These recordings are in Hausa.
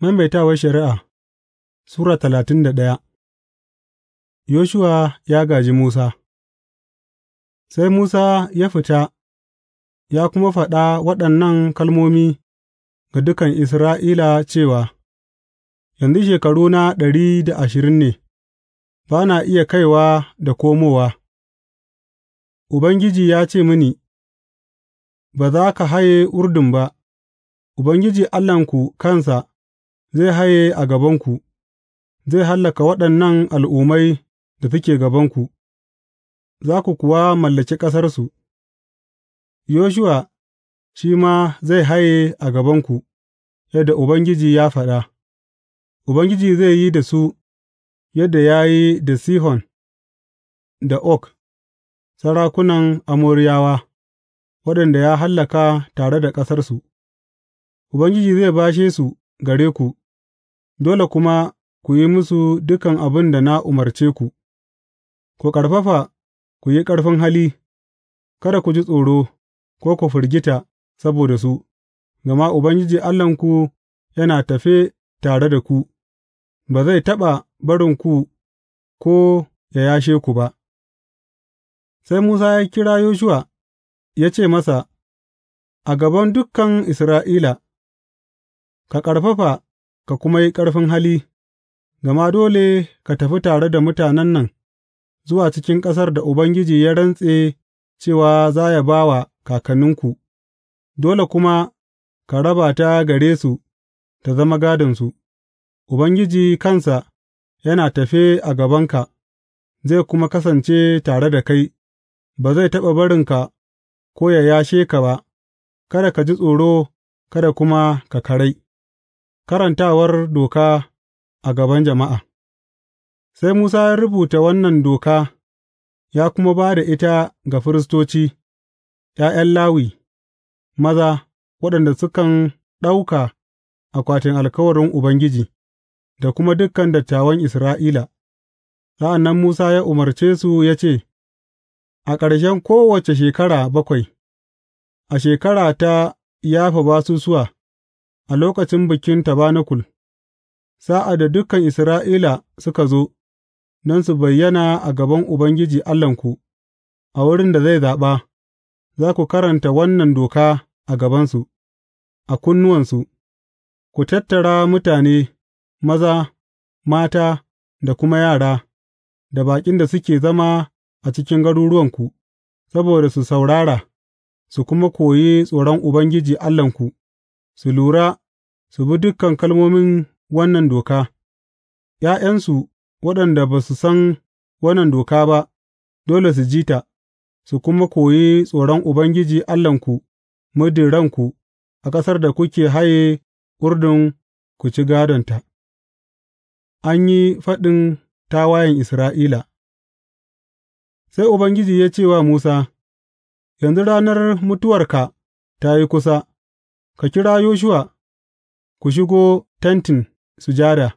Maimaitawar Shari'a Sura talatin da ɗaya. Yoshuwa ya gaji Musa Sai Musa ya fita ya kuma faɗa waɗannan kalmomi ga dukan Isra'ila cewa, Yanzu shekaru na ɗari da ashirin ne, ba na iya kaiwa da komowa, Ubangiji ya ce mini, Ba za ka haye Urdun ba, Ubangiji Allahnku kansa. zai haye a gabanku, zai hallaka waɗannan al'ummai da suke gabanku, za ku kuwa mallaki ƙasarsu, Yoshuwa shi ma zai haye a gabanku, yadda Ubangiji ya faɗa, Ubangiji zai yi da su yadda ya yi da Sihon da Ok sarakunan Amoriyawa, waɗanda ya hallaka tare da ƙasarsu, Ubangiji zai bashe su gare ku. dole kuma ku yi musu dukan abin da na umarce ku, ku ƙarfafa, ku yi ƙarfin hali, kada ku ji tsoro, ko ku firgita saboda su, gama Ubangiji Allahnku yana tafe tare da ku, ba zai taɓa barinku ko ya yashe ku ba. Sai Musa ya kira Yoshuwa ya ce masa, A gaban dukan Isra'ila, ka ƙarfafa ka kuma yi ƙarfin hali, gama dole ka tafi tare da mutanen nan zuwa cikin ƙasar da Ubangiji ya rantse cewa za yă ba wa kakanninku, dole kuma ka raba ta gare su ta zama gādonsu, Ubangiji kansa yana tafe a gabanka, zai kuma kasance tare da kai, ba zai taɓa barinka ko ya yashe ka ba, kada ka ji tsoro, kada kuma ka karai. Karantawar doka a gaban jama'a Sai Musa ya rubuta wannan doka ya kuma ba da ita ga firistoci, ’ya'yan Lawi, maza waɗanda sukan ɗauka akwatin alkawarin Ubangiji, da kuma dukan dattawan Isra'ila, sa'an nan Musa ya umarce su ya ce, A ƙarshen kowace shekara bakwai, a shekara ta yafa basusuwa. a lokacin Bikin Tabanakul, sa'ad da dukan Isra'ila suka zo, don su bayyana a gaban Ubangiji Allahnku, a wurin da zai zaɓa, za ku karanta wannan doka a gabansu, a kunnuwansu, ku tattara mutane, maza, mata da kuma yara, da baƙin da suke zama a cikin garuruwanku, saboda su saurara, su kuma koyi tsoron Ubangiji Allahnku. su lura, su bi dukan kalmomin wannan doka, ’ya'yansu waɗanda ba su san wannan doka ba, dole su ji ta, su kuma koyi tsoron Ubangiji Allahnku muddin ranku a ƙasar da kuke haye Urdun ku ci gādonta. An yi faɗin tawayen Isra'ila Sai Ubangiji ya ce wa Musa, Yanzu ranar mutuwarka ta yi kusa. Ka kira Yoshuwa, ku shigo Tentin Sujada,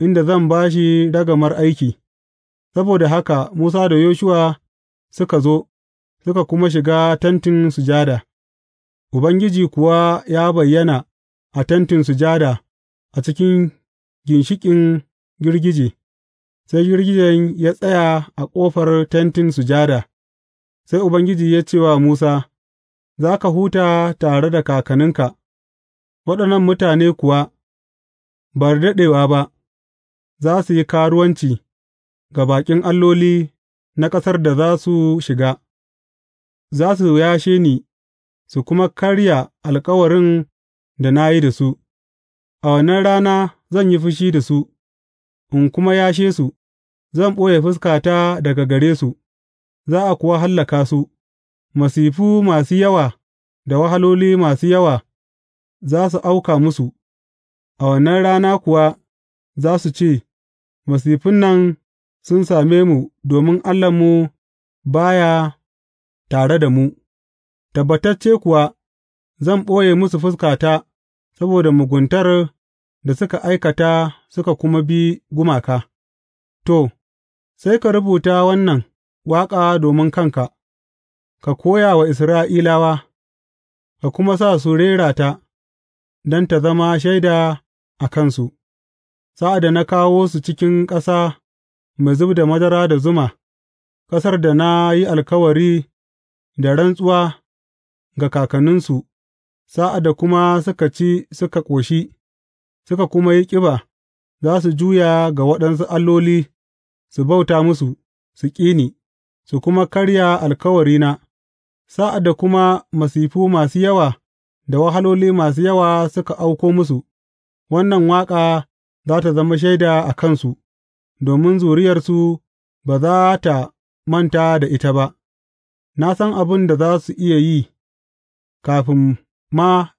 inda zan ba shi ragamar aiki, saboda haka Musa da Yoshuwa suka zo, suka kuma shiga Tentin Sujada, Ubangiji kuwa ya bayyana a Tentin Sujada a cikin ginshiƙin girgije, sai girgijen ya tsaya a ƙofar Tentin Sujada, sai Ubangiji ya ce wa Musa. za ka huta tare da kakanninka, waɗannan mutane kuwa ba da daɗewa ba, za su yi karuwanci ga baƙin alloli na ƙasar da za su shiga, za su yashe ni su kuma karya alkawarin da na yi da su, a wannan rana zan yi fushi da su, in kuma yashe su, zan ɓoye fuskata daga gare su, za a kuwa hallaka su. Masifu masu yawa da wahaloli masu yawa za su auka musu, a wannan rana kuwa za su ce, masifin nan sun same mu domin Allahnmu ba ya tare da mu, tabbatacce kuwa zan ɓoye musu fuskata saboda muguntar da suka aikata suka kuma bi gumaka.’ To, sai ka rubuta wannan waƙa domin kanka. Ka koya wa Isra'ilawa, ka kuma sa su rera ta don ta zama shaida a kansu, sa'ad da na kawo su cikin ƙasa mai zub da madara da zuma, ƙasar da na yi alkawari da rantsuwa ga kakanninsu, sa'ad da kuma suka ci suka ƙoshi, suka kuma yi ƙiba, za su juya ga waɗansu alloli, su bauta musu, su ƙi su kuma karya alkawarina. Sa'ad da kuma masifu masu yawa da wahaloli masu yawa suka auko musu, wannan waƙa za tă zama shaida a kansu, domin zuriyarsu ba za tă manta da ita ba; na san abin da za su iya yi kafin ma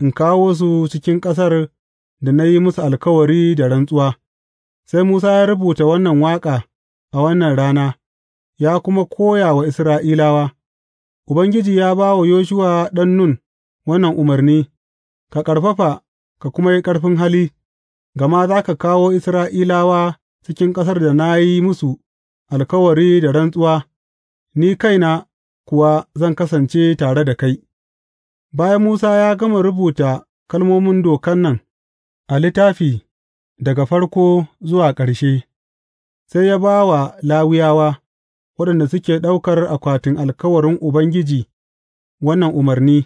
in kawo su cikin ƙasar da na yi musu alkawari da rantsuwa, sai Musa ya rubuta wannan waƙa a wannan rana, ya kuma koya wa Isra'ilawa. Ubangiji ya ba wa Yoshuwa ɗan Nun wannan umarni, Ka ƙarfafa ka kuma yi ƙarfin hali, gama za ka kawo Isra'ilawa cikin ƙasar da na yi musu alkawari da rantsuwa, ni kaina kuwa zan kasance tare da kai. Bayan Musa ya gama rubuta kalmomin dokan nan a littafi daga farko zuwa ƙarshe, sai ya ba wa Lawiyawa. waɗanda suke ɗaukar akwatin alkawarin Ubangiji wannan umarni,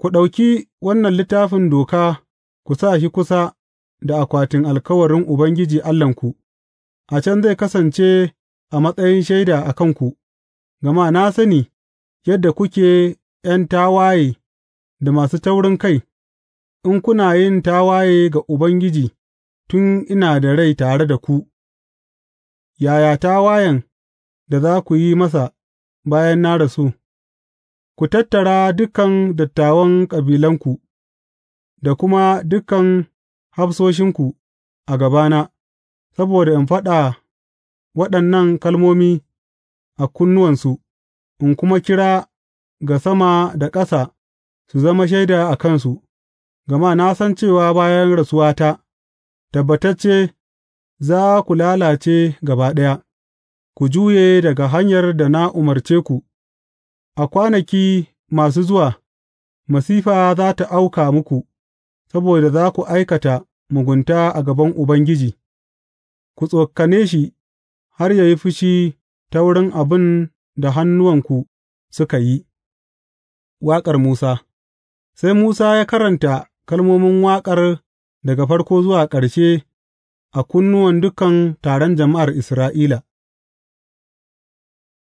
Ku ɗauki wannan Littafin Doka ku sa shi kusa da akwatin alkawarin Ubangiji Allahnku, a can zai kasance a matsayin shaida a kanku, gama na sani yadda kuke ’yan tawaye da masu taurin kai. in kuna yin tawaye ga Ubangiji tun ina da rai tare da ku, yaya tawayen da za ku yi masa bayan na rasu, ku tattara dukan dattawan kabilanku, da kuma dukan hafsoshinku a gabana, saboda in faɗa waɗannan kalmomi a kunnuwansu, in kuma kira ga sama da ƙasa su zama shaida a kansu, gama na san cewa bayan rasuwata, tabbatacce za ku lalace gaba ɗaya. Ku juye daga hanyar da na umarce ku, a kwanaki masu zuwa masifa za ta auka muku, saboda za ku aikata mugunta a gaban Ubangiji, ku tsokane shi har yă yi fushi ta wurin abin da hannuwanku suka yi. Waƙar Musa Sai Musa ya karanta kalmomin waƙar daga farko zuwa ƙarshe a kunnuwan dukan taron jama'ar Isra'ila.